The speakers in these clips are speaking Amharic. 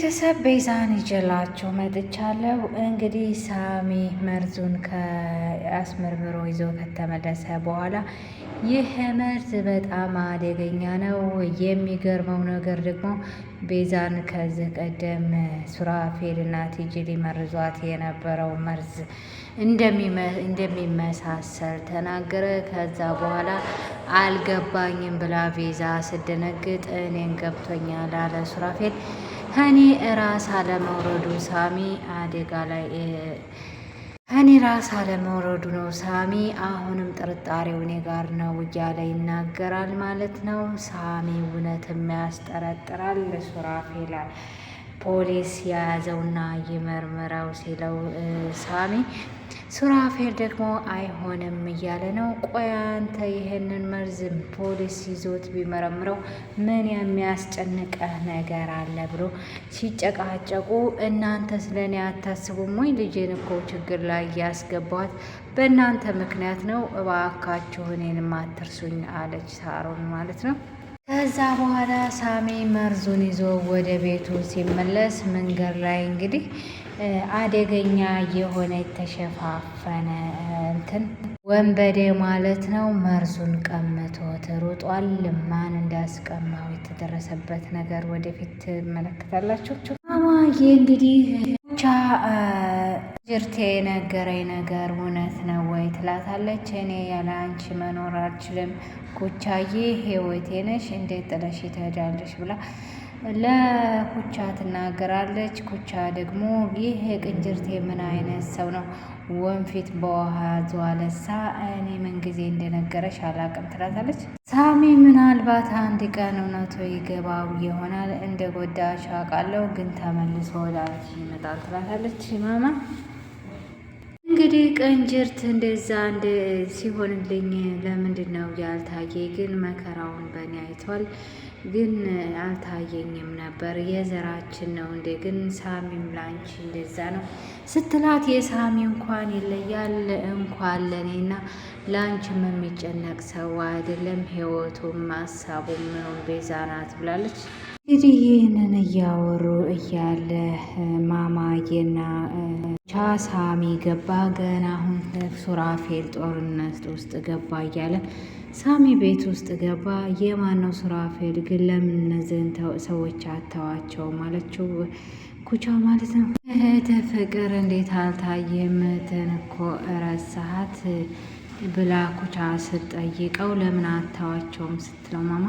ቤተሰብ ቤዛን ይዤላችሁ መጥቻለሁ። እንግዲህ ሳሚ መርዙን ከአስመርምሮ ይዞ ከተመለሰ በኋላ ይህ መርዝ በጣም አደገኛ ነው። የሚገርመው ነገር ደግሞ ቤዛን ከዚህ ቀደም ሱራፌልና ቲጂ ሊመርዟት የነበረው መርዝ እንደሚመሳሰል ተናገረ። ከዛ በኋላ አልገባኝም ብላ ቤዛ ስደነግጥ እኔን ገብቶኛል አለ ሱራፌል። ከኔ ራስ አለመውረዱ ሳሚ አደጋ ላይ ከኔ ራስ አለመውረዱ ነው። ሳሚ አሁንም ጥርጣሬው እኔ ጋር ነው እያለ ይናገራል ማለት ነው። ሳሚ እውነትም ያስጠረጥራል ሱራፌል ፖሊስ የያዘውና ይመርምረው ሲለው ሳሚ ሱራፌል ደግሞ አይሆንም እያለ ነው። ቆይ አንተ ይህንን መርዝም ፖሊስ ይዞት ቢመረምረው ምን የሚያስጨንቀ ነገር አለ ብሎ ሲጨቃጨቁ እናንተ ስለ እኔ አታስቡም ወይ? ልጄን እኮ ችግር ላይ ያስገባት በእናንተ ምክንያት ነው። እባካችሁ እኔንም አትርሱኝ አለች ሳሮን ማለት ነው። ከዛ በኋላ ሳሚ መርዙን ይዞ ወደ ቤቱ ሲመለስ መንገድ ላይ እንግዲህ አደገኛ የሆነ የተሸፋፈነ እንትን ወንበዴ ማለት ነው። መርዙን ቀምቶት ሩጧል። ማን እንዳስቀማው የተደረሰበት ነገር ወደፊት ትመለከታላችሁ። ማማ ይህ እንግዲህ ብቻ ጅርቴ የነገረኝ ነገር እውነት ነው ወይ ትላታለች። እኔ ያለ አንቺ መኖር አልችልም ኩቻዬ፣ ህይወቴ ነሽ፣ እንዴት ጥለሽ ትሄዳለሽ ብላ ለኩቻ ትናገራለች። ኩቻ ደግሞ ይህ ቅንጅርቴ ምን አይነት ሰው ነው? ወንፊት በውሃ ዘዋለሳ እኔ ምንጊዜ እንደነገረሽ አላቅም ትላታለች። ሳሚ ምናልባት አንድ ቀን እውነቱ ይገባው ይሆናል። እንደ ጎዳሽ አውቃለሁ፣ ግን ተመልሶ ወደ ይመጣል ትላታለች ማማ እንግዲህ ቅንጅርት እንደዛ እንደ ሲሆንልኝ ለምንድን ነው ያልታየ? ግን መከራውን በእኔ አይቷል፣ ግን አልታየኝም ነበር። የዘራችን ነው እንደ ግን ሳሚም ላንቺ እንደዛ ነው ስትላት የሳሚ እንኳን ይለያል እንኳን ለእኔና ላንቺም የሚጨነቅ ሰው አይደለም፣ ህይወቱም ሀሳቡም ምኑም ቤዛ ናት ብላለች። እንግዲህ ይህንን እያወሩ እያለ ማማዬና ሳሚ ገባ። ገና አሁን ሱራፌል ጦርነት ውስጥ ገባ እያለ ሳሚ ቤት ውስጥ ገባ። የማነው ሱራፌል ግን ለምን እነዚህን ሰዎች አተዋቸው ማለችው ኩቻ ማለት ነው። እህት ፍቅር እንዴት አልታየም ትንኮ ረሳሃት ብላ ኩቻ ስትጠይቀው ለምን አታዋቸውም ስትለው ማማ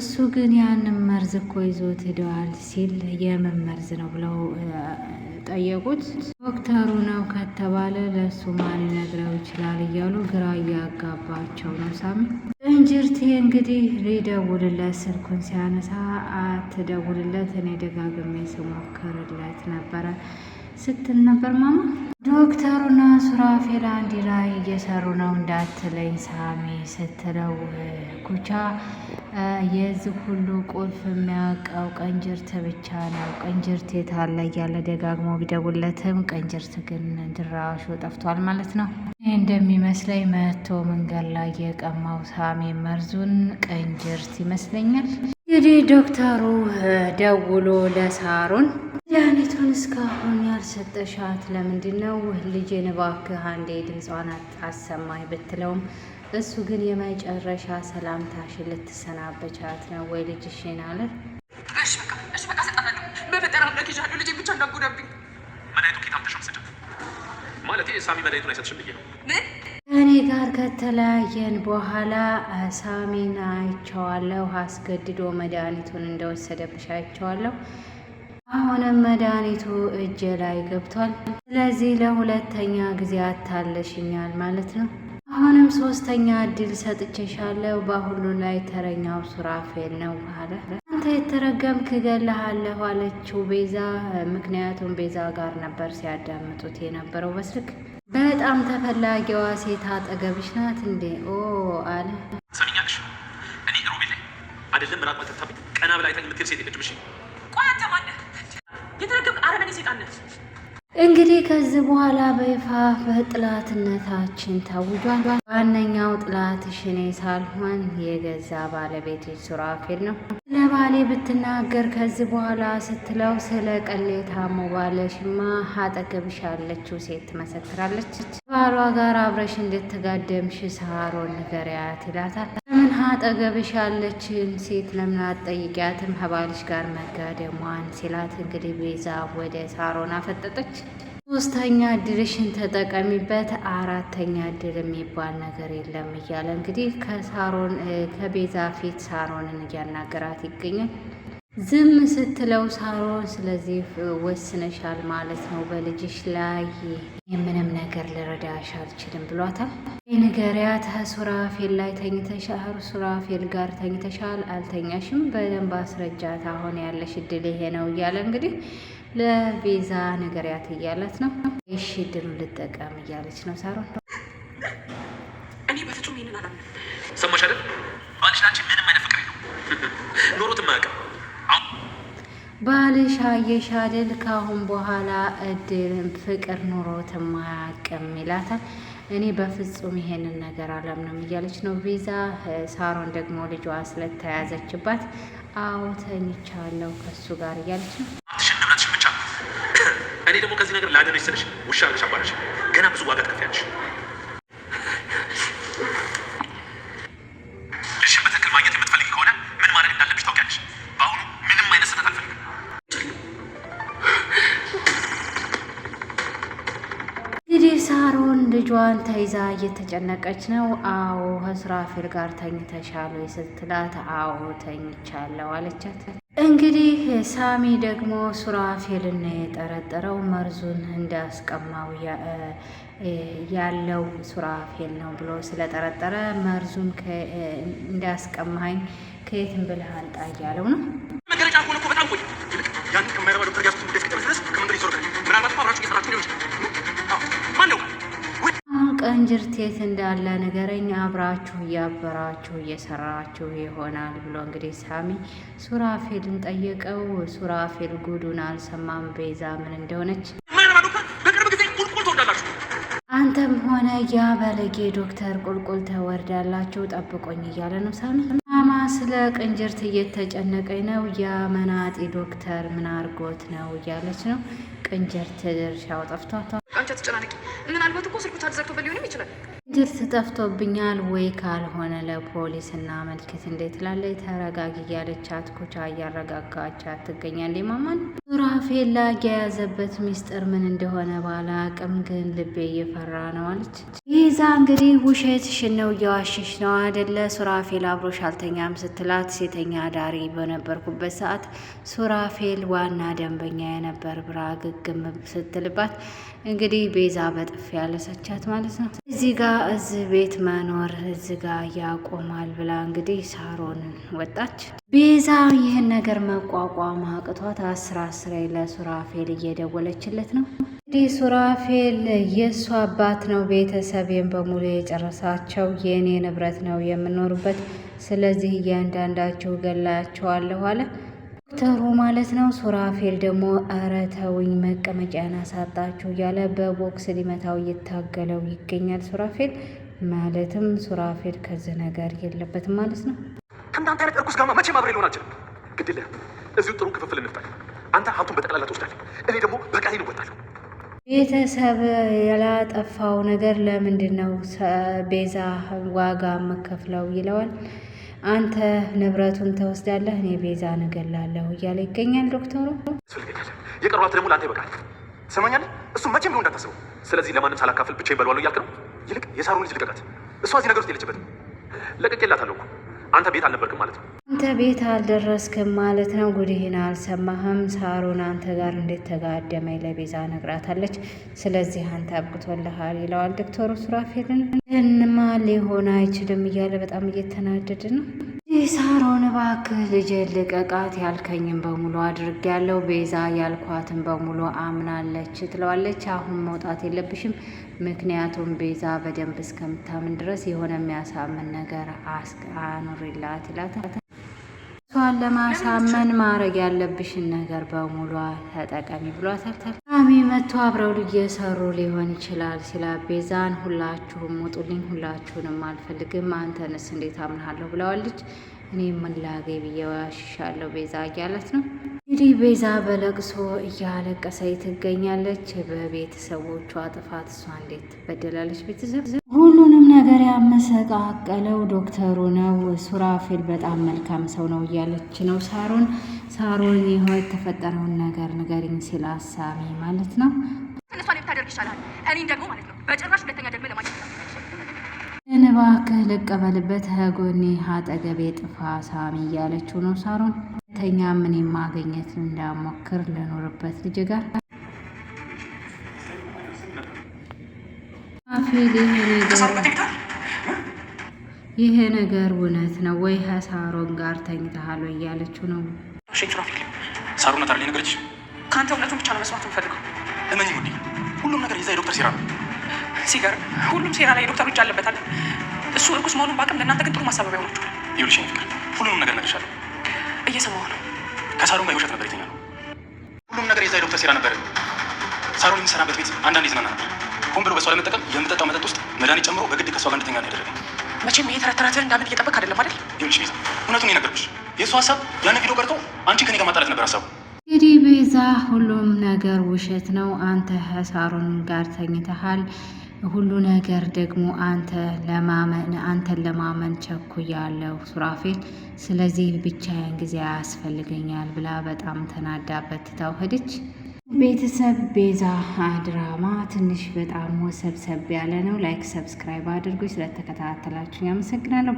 እሱ ግን ያንን መርዝ እኮ ይዞት ሄደዋል ሲል የምን መርዝ ነው ብለው ጠየቁት። ዶክተሩ ነው ከተባለ ለእሱ ማን ሊነግረው ይችላል እያሉ ግራ እያጋባቸው ነው። ሳሚ እንጅርቴ እንግዲህ ሊደውልለት ስልኩን ሲያነሳ አትደውልለት፣ እኔ ደጋግሜ ስሞክርለት ነበረ ስትል ነበር ማማ። ዶክተሩና ሱራፌል አንድ ላይ እየሰሩ ነው እንዳትለኝ ሳሚ ስትለው ኩቻ የዚህ ሁሉ ቁልፍ የሚያውቀው ቀንጅርት ብቻ ነው። ቀንጅርት የታለ እያለ ደጋግሞ ቢደውለትም ቀንጅርት ግን ድራሹ ጠፍቷል ማለት ነው። ይህ እንደሚመስለኝ መቶ መንገድ ላይ የቀማው ሳሚ መርዙን ቀንጅርት ይመስለኛል። እንግዲህ ዶክተሩ ደውሎ ለሳሩን ያኔቱን እስካሁን ያልሰጠሻት ለምንድን ነው? ልጄን እባክህ አንዴ ድምጿን አሰማኝ ብትለውም እሱ ግን የመጨረሻ ሰላምታሽ ልትሰናበቻት ነው ወይ ልጅሽን አለ። እሺ በቃ እሺ በቃ ሰጣታለሁ። በፈጠራ ለኪሻለሁ። ብቻ እንዳጎዳብኝ መድኃኒቱ ማለት ሳሚ መድኃኒቱን አይሰጥሽም ብዬ ነው ምን እኔ ጋር ከተለያየን በኋላ ሳሚን አይቼዋለሁ። አስገድዶ መድኃኒቱን እንደወሰደብሽ አይቼዋለሁ። አሁንም መድኃኒቱ እጅ ላይ ገብቷል። ስለዚህ ለሁለተኛ ጊዜ አታለሽኛል ማለት ነው። አሁንም ሶስተኛ እድል ሰጥቼሻለሁ። በሁሉ ላይ ተረኛው ሱራፌል ነው አለ። አንተ የተረገምክ እገልሃለሁ አለችው ቤዛ። ምክንያቱም ቤዛ ጋር ነበር ሲያዳምጡት የነበረው በስልክ። በጣም ተፈላጊዋ ሴት አጠገብሽ ናት እንዴ? ኦ አለ። ሰሚኛሽ እኔ ሮቤ ላይ አይደለም ራቅ መተታ ቤት ቀና ብላ አይታኝ የምትል ሴት የለችም። እንግዲህ ከዚህ በኋላ በይፋ በጥላትነታችን ታውጇል። ዋነኛው ጥላትሽ እኔ ሳልሆን የገዛ ባለቤትሽ ሱራፌል ነው። ለባሌ ብትናገር ከዚህ በኋላ ስትለው ስለ ቀሌታ ሞባለሽማ አጠገብሽ ያለችው ሴት ትመሰክራለች። ባሏ ጋር አብረሽ እንድትጋደምሽ ሳሮን ንገሪያት ይላታል። አጠገብሽ ያለችን ሴት ለምን አትጠይቂያትም ከባልሽ ጋር መጋደሟን ሲላት፣ እንግዲህ ቤዛ ወደ ሳሮን አፈጠጠች። ሶስተኛ እድልሽን ተጠቀሚበት፣ አራተኛ እድል የሚባል ነገር የለም እያለ እንግዲህ ከሳሮን ከቤዛ ፊት ሳሮንን እያናገራት ይገኛል። ዝም ስትለው ሳሮን ስለዚህ ወስነሻል ማለት ነው በልጅሽ ላይ የምንም ነገር ልረዳሽ አልችልም ብሏታል። ንገሪያት ሱራፌል ላይ ተኝተሻል፣ ሱራፌል ጋር ተኝተሻል፣ አልተኛሽም፣ በደንብ አስረጃት። አሁን ያለሽ እድል ይሄ ነው እያለ እንግዲህ ለቤዛ ንገሪያት እያላት ነው። እሺ ልጠቀም እያለች ነው ሳሮን። እኔ በፍጹም ይህንን ሰማሽ አይደል? ባልሽ ናንቺ ምንም አይነት ፍቅር ነው ባልሽ አየሽ አይደል? በኋላ እድል ፍቅር ኑሮ ማያውቅም ይላታል። እኔ በፍጹም ይሄንን ነገር አላምንም እያለች ነው ቤዛ። ሳሮን ደግሞ ልጇ ስለተያዘችባት አዎ ተኝቻለሁ ከሱ ጋር እያለች ነው። እኔ ደግሞ ከዚህ ነገር ለአገሮች ስለሽ ውሻ ገሻ ገና ብዙ ዋጋ ትከፍያለሽ። እንግዲህ ሳሮን ልጇን ተይዛ እየተጨነቀች ነው። አዎ ከሱራፌል ጋር ተኝተሻል ስትላት፣ አዎ ተኝቻለሁ አለቻት። እንግዲህ ሳሚ ደግሞ ሱራፌልን የጠረጠረው መርዙን እንዳስቀማው ያለው ሱራፌል ነው ብሎ ስለጠረጠረ መርዙን እንዳስቀማኝ ከየትን ብልህ አንጣ እያለው ነው። እንጅርቴት እንዳለ ንገረኝ፣ አብራችሁ እያበራችሁ እየሰራችሁ ይሆናል ብሎ እንግዲህ ሳሚ ሱራፌልን ጠየቀው። ሱራፌል ጉዱን አልሰማም ቤዛ ምን እንደሆነች። አንተም ሆነ ያ በለጌ ዶክተር ቁልቁል ተወርዳላችሁ ጠብቆኝ እያለ ነው ሳሚ። ማማ ስለ ቅንጅርት እየተጨነቀኝ ነው። ያ መናጢ ዶክተር ምን አርጎት ነው እያለች ነው በእንጀር ተደርሻው ጠፍቷታ አንቺ አትጨናነቂ። ምናልባት እኮ ስልኩ ተዘግቶ ሊሆንም ይችላል ድርስ ጠፍቶብኛል ወይ ካልሆነ ለፖሊስ እና መልክት እንዴት ላለይ ተረጋጊ እያለቻት ኩቻ እያረጋጋቻት ትገኛለች። ማማን ሱራፌል የያዘበት ሚስጥር ምን እንደሆነ ባላቅም ግን ልቤ እየፈራ ነው አለች። ይዛ እንግዲህ ውሸትሽን ነው እየዋሸሽ ነው አደለ ሱራፌል አብሮሽ አልተኛም ስትላት ሴተኛ ዳሪ በነበርኩበት ሰዓት ሱራፌል ዋና ደንበኛ የነበር ብራ ግግም ስትልባት እንግዲህ ቤዛ በጥፍ ያለሰቻት ማለት ነው። እዚህ ጋር እዚህ ቤት መኖር እዚህ ጋር ያቆማል ብላ እንግዲህ ሳሮን ወጣች። ቤዛ ይህን ነገር መቋቋም አቅቷት አስራ አስሬ ለሱራፌል እየደወለችለት ነው። እንግዲህ ሱራፌል የእሱ አባት ነው፣ ቤተሰቤን በሙሉ የጨረሳቸው የእኔ ንብረት ነው የምኖርበት፣ ስለዚህ እያንዳንዳችሁ ገላያቸዋለሁ አለ። ዶክተሩ ማለት ነው። ሱራፌል ደግሞ እረ ተውኝ መቀመጫን አሳጣችሁ እያለ በቦክስ ሊመታው እየታገለው ይገኛል። ሱራፌል ማለትም ሱራፌል ከዚህ ነገር የለበትም ማለት ነው። ከእናንተ አይነት እርኩስ ጋማ መቼ አብሬ ልሆን አልችልም። ግድለ እዚሁ ጥሩ ክፍፍል እንፍጠር። አንተ ሀብቱን በጠቅላላ ትወስዳለህ፣ እኔ ደግሞ በቃሌ ልወጣለሁ። ቤተሰብ ያላጠፋው ነገር ለምንድን ነው ቤዛ ዋጋ መከፍለው? ይለዋል አንተ ንብረቱን ተወስዳለህ፣ እኔ ቤዛ ነገላለሁ እያለ ይገኛል። ዶክተሩ የቀሯት ደግሞ ለአንተ ይበቃል። ሰማኛል። እሱ መቼም ቢሆን እንዳታስበው። ስለዚህ ለማንም ሳላካፍል ብቻ በለዋለሁ እያልክ ነው። ይልቅ የሳሩን ልጅ ልቀቃት። እሷ እዚህ ነገር ውስጥ የለችበትም። ለቅቄላታለሁ እኮ አንተ ቤት አልነበርክም ማለት ነው። አንተ ቤት አልደረስክም ማለት ነው። ጉድህን አልሰማህም። ሳሩን አንተ ጋር እንዴት ተጋደመ ለቤዛ ነግራታለች። ስለዚህ አንተ አብቅቶልሃል ይለዋል ዶክተሩ ሱራፌልን። ይህንማ ሊሆን አይችልም እያለ በጣም እየተናደድ ነው። ይህ ሳሮን እባክህ ልጄ ልቀቃት፣ ያልከኝም በሙሉ አድርግ ያለው ቤዛ ያልኳትን በሙሉ አምናለች ትለዋለች። አሁን መውጣት የለብሽም ምክንያቱም ቤዛ በደንብ እስከምታምን ድረስ የሆነ የሚያሳምን ነገር አኑሪላት ይላታል። እሷን ለማሳመን ማድረግ ያለብሽን ነገር በሙሉ ተጠቀሚ ብሏታል። ተቃሚ መቶ አብረው እየሰሩ ሊሆን ይችላል ሲላ ቤዛን ሁላችሁም ውጡልኝ፣ ሁላችሁንም አልፈልግም፣ አንተንስ እንዴት አምናለሁ ብለዋለች። እኔ ምላጌ ብዬ ቤዛ እያለት ነው እንግዲህ ቤዛ በለቅሶ እያለቀሰ ትገኛለች። በቤተሰቦቿ ጥፋት እሷ እንዴት ትበደላለች? ቤተሰብ ነገር ያመሰቃቀለው ዶክተሩ ነው። ሱራፌል በጣም መልካም ሰው ነው እያለች ነው ሳሮን። ሳሮን ይኸው የተፈጠረውን ነገር ንገሪኝ ሲል አሳሚ ማለት ነው እሷን ብታደርግ ይሻላል። እኔን ደግሞ ማለት ነው በጭራሽ ሁለተኛ ደግሞ ለማግኘት እባክህ ልቀበልበት፣ ጎኔ አጠገቤ ጥፋ ሳሚ እያለችው ነው ሳሮን። ተኛ ምን ማግኘት እንዳሞክር ልኖርበት ልጅ ጋር አፌል ይሄ ነገር እውነት ነው ወይ ከሳሮን ጋር ተኝተሃል እያለችው ነው። ሳሮን ነታር ነገረች። ከአንተ እውነቱን ብቻ እመኝ ሁሉም ነገር የዛ የዶክተር ሴራ ነው። ሁሉም ሴራ ላይ የዶክተር እጅ አለበት እሱ እርኩስ መሆኑን በአቅም ለእናንተ ግን ጥሩ ማሳበቢያ ሆናችኋል። ይኸውልሽ ፍቅር፣ ሁሉንም ነገር እየሰማሁ ነው። ጋር የውሸት ሁሉም ነገር የዛ የዶክተር ሴራ ነበር። ቤት አንዳንድ ይዝናና ነበር ሆን ብሎ በሷ ለመጠቀም የምጠጣው መጠጥ ውስጥ መድኃኒት ጨምሮ በግድ ከሷ ጋር እንድተኛ ነው ያደረገኝ። መቼም ይሄ ተረት ተረትህን እንዳምን እየጠበቅ አይደለም አይደል? ይኸውልሽ ቤዛ፣ እውነቱን የነገርኩሽ የእሱ ሀሳብ ያን ቪዲዮ ቀርቶ አንቺ ከኔ ጋር ማጣላት ነበር ሀሳቡ። እንግዲህ ቤዛ ሁሉም ነገር ውሸት ነው። አንተ ሳሮን ጋር ተኝተሃል። ሁሉ ነገር ደግሞ አንተ ለማመን አንተን ለማመን ቸኩ ያለው ሱራፌል። ስለዚህ ብቻዬን ጊዜ ያስፈልገኛል ብላ በጣም ተናዳበት ትታው ሄደች። ቤተሰብ ቤዛ ድራማ ትንሽ በጣም ወሰብሰብ ያለ ነው። ላይክ ሰብስክራይብ አድርጉ። ስለተከታተላችሁ ያመሰግናለሁ።